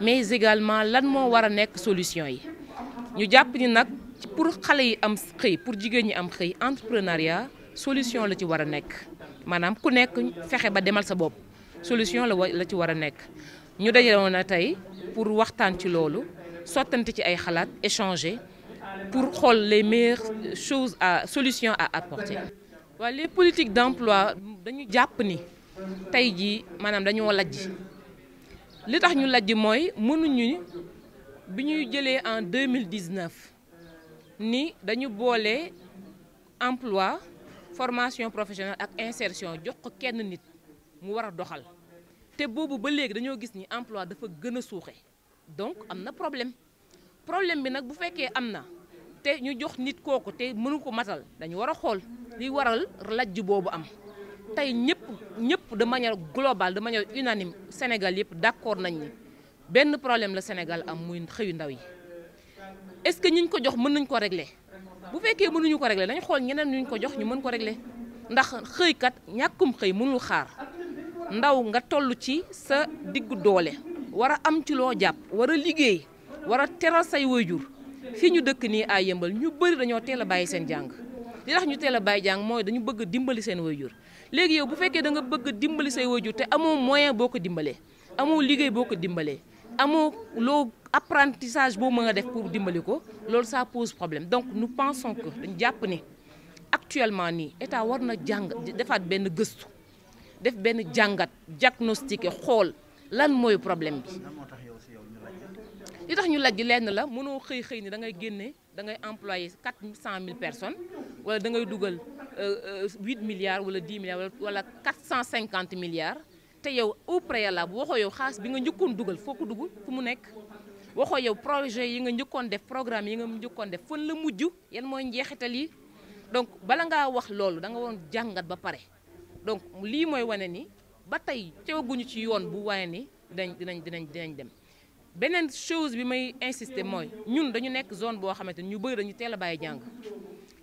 mais également lan mo wara nek solution yi ñu japp ni nak pour xalé yi am xëy pour jigéen ñi am xëy entrepreneuriat solution la ci wara nek manam ku nek fexé ba démal sa bop solution la la ci wara nek ñu dajewoon na pour waxtaan ci lolu sotante ci ay xalaat échanger pour xol les meilleures choses à solution à apporter. wa les politiques d'emploi dañu japp ni tay ji manam dañu lajj li tax ñu lajj mooy mënuñu bi ñuy jëlee en 2019 ni dañu boole emploi formation professionnelle ak insertion jox ko kenn nit mu war a doxal te boobu ba léegi dañoo gis ni emploi dafa gën a suuxe donc am na problème problème bi nag bu fekkee am na te ñu jox nit kooku te mënu ko matal dañu war a xool li waral lajj boobu am tey ñëpp ñëpp de manière globale de manière unanime Sénégal yëpp d'accord nañ ni benn problème la Sénégal am muy xëyu ndaw yi est-ce que ñiñ ko jox mën nañ ko regle bu fekkee mënuñu ko régler dañ xool ñeneen ñu ko jox ñu mën ko régler ndax xëykat ñàkkum xëy mënul xaar ndaw nga toll ci sa diggu doole war a am ci loo jàpp war a liggéey war a teral say waajur fii ñu dëkk nii ay yëmbal ñu bari dañoo teel a bàyyi seen jàng li tax ñu teel a bàyyi jàng mooy dañu bëgg dimbali seen waajur léegi yow bu fekkee da nga bëgg dimbali say wajur té amo moyen boo dimbalé amo liggéey boo dimbalé amo lo apprentissage bo mën def pour dimbali ko loolu ça pose problème donc nous pensons que dañ japp ne actuellement ni état warna jang jàng defaat benn geste, def benn jangat diagnostiqué xol lan moy problème bi li tax ñu laj lenn la mënoo xey xey ni da ngay génné da ngay employé 400000 mille personnes wala da ngay dugal 8 euh, euh, milliards wala 10 milliards wala 450 milliards te yow au préalable waxo yow xaalis bi nga njëkkoon dugal foo ko fu mu nek waxo yow projet yi nga njëkkoon def programme yi nga njëkkoon def fan la mujj yeen moy njeexital yi donc bala nga wax lolu da nga won jangat ba paré donc li moy wane ni ba tey teewaguñu ci yoon bu wayé ni dañ dinañ dinañ dinañ dem benen chose bi may insister moy ñun dañu nek zone bo xamanteni ñu bëgg dañu téla baye jang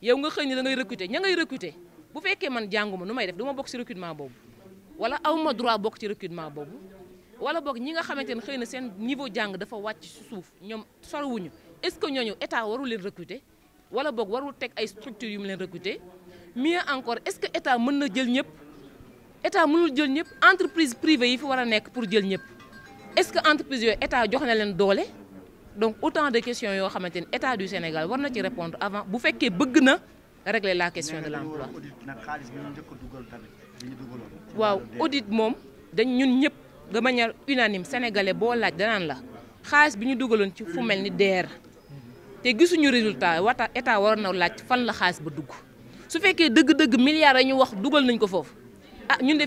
yow nga xëy ni da ngay recruter ña ngay recruter bu fekkee man jànguma nu may def du bokk ci recrutement boobu wala aw ma droit bokk ci recrutement boobu wala boog ñi nga xamante ne xëy na seen niveau jàng dafa wàcc suuf ñoom sorowuñu est-ce que ñooñu état warul leen recruter wala boog warul teg ay structures yu mu leen recruter mieux encore est-ce que état mën na jël ñëpp état mënul jël ñëpp entreprise privée yi fi war a nekk pour jël ñëpp est-ce que entreprise yooyu jox na leen doole. donc autant de questions yoo xamante état du Sénégal war na ci répondre avant bu fekkee bëgg na régler la question de l'emploi waaw audit mom, dañ ñun ñëpp de manière unanime sénégalais boo laaj danaan la xaalis bi ñu dugaloon ci fu mel ni DER te gisuñu résultat wata état war na laaj fan la xaalis ba dugg su fekkee deux dëgg milliards yi ñu wax dugal nañ ko foofu ah ñun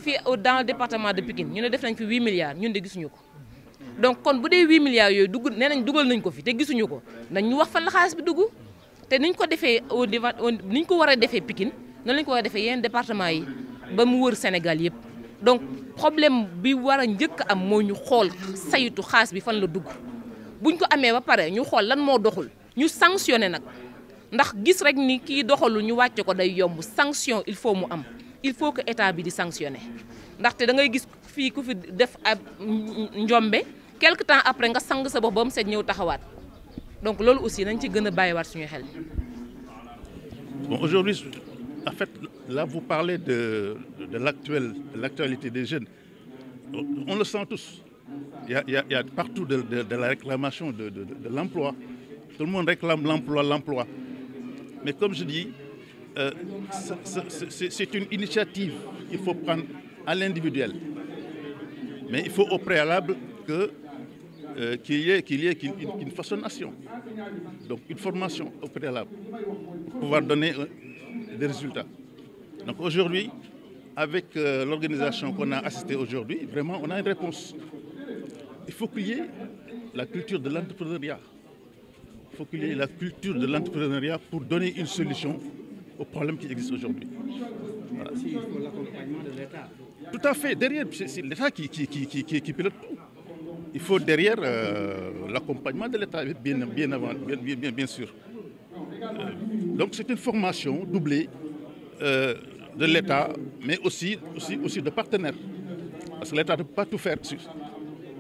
dans le département de Pikine ñu ne def nañ fi huit milliards ñun de gisuñu ko donc kon bu dee huit milliards yooyu dugg nee nañ dugal nañ ko fi te gisuñu ko nañ ñu wax fan la xaalis bi dugg te niñ ko defee au devant niñ ko war a defee pikin noonu lañ ko war a defee yeneen département yi ba mu wër Sénégal yëpp donc problème bi war a njëkk am moo ñu xool saytu xaalis bi fan la dugg buñ ko amee ba pare ñu xool lan moo doxul ñu sanctionné nag ndax gis rek ni kii doxalul ñu wàcce ko day yomb sanction il faut mu am il faut que état bi di sanctionné ndaxte da ngay gis fii ku fi def ab njombe Quelques temps après nga donc aussi nañ ci aujourd'hui en fait là vous parlez de de l'actualité des jeunes on le sent tous il y a partout de, la réclamation de l'emploi tout le monde réclame l'emploi l'emploi mais comme je dis euh, c'est une initiative qu'il faut prendre à l'individuel mais il faut au préalable que qu'il y ait, une, façonnation, donc une formation au préalable pour pouvoir donner euh, des résultats. Donc aujourd'hui, avec euh, l'organisation qu'on a assistée aujourd'hui, vraiment on a une réponse. Il faut qu'il y ait la culture de l'entrepreneuriat. Il faut qu'il y ait la culture de l'entrepreneuriat pour donner une solution aux problèmes qui existent aujourd'hui. Voilà. Tout à fait, derrière, c'est l'État qui pilote tout il faut derrière euh, l'accompagnement de l'État, bien, bien, bien, bien, sûr. Euh, donc c'est une formation doublée euh, de l'État, mais aussi, aussi, aussi de partenaires. Parce que l'État ne peut pas tout faire.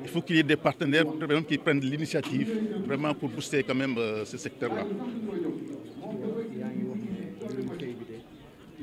Il faut qu'il y ait des partenaires qui prennent l'initiative vraiment pour booster quand même ce secteur-là.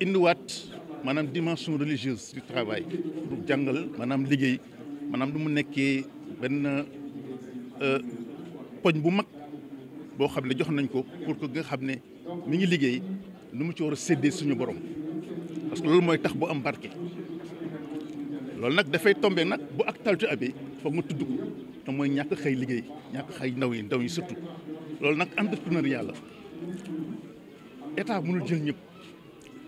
indiwaat maanaam dimension religieuse du travail pour jàngal maanaam liggéey maanaam du mu nekkee benn euh, poñ bu mag boo xam ne jox nañ ko pour que nga xam ne mi ngi liggéey nu mu ci war a séddee suñu borom parce que loolu mooy tax bu am barke loolu nag dafay tombe nag bu actualité abee foog nga tudd ko te mooy ñàkk xëy liggéey ñàkk xëy ndaw yi ndaw yi surtout loolu nag entrepreneuriat la état mënul jël ñëpp.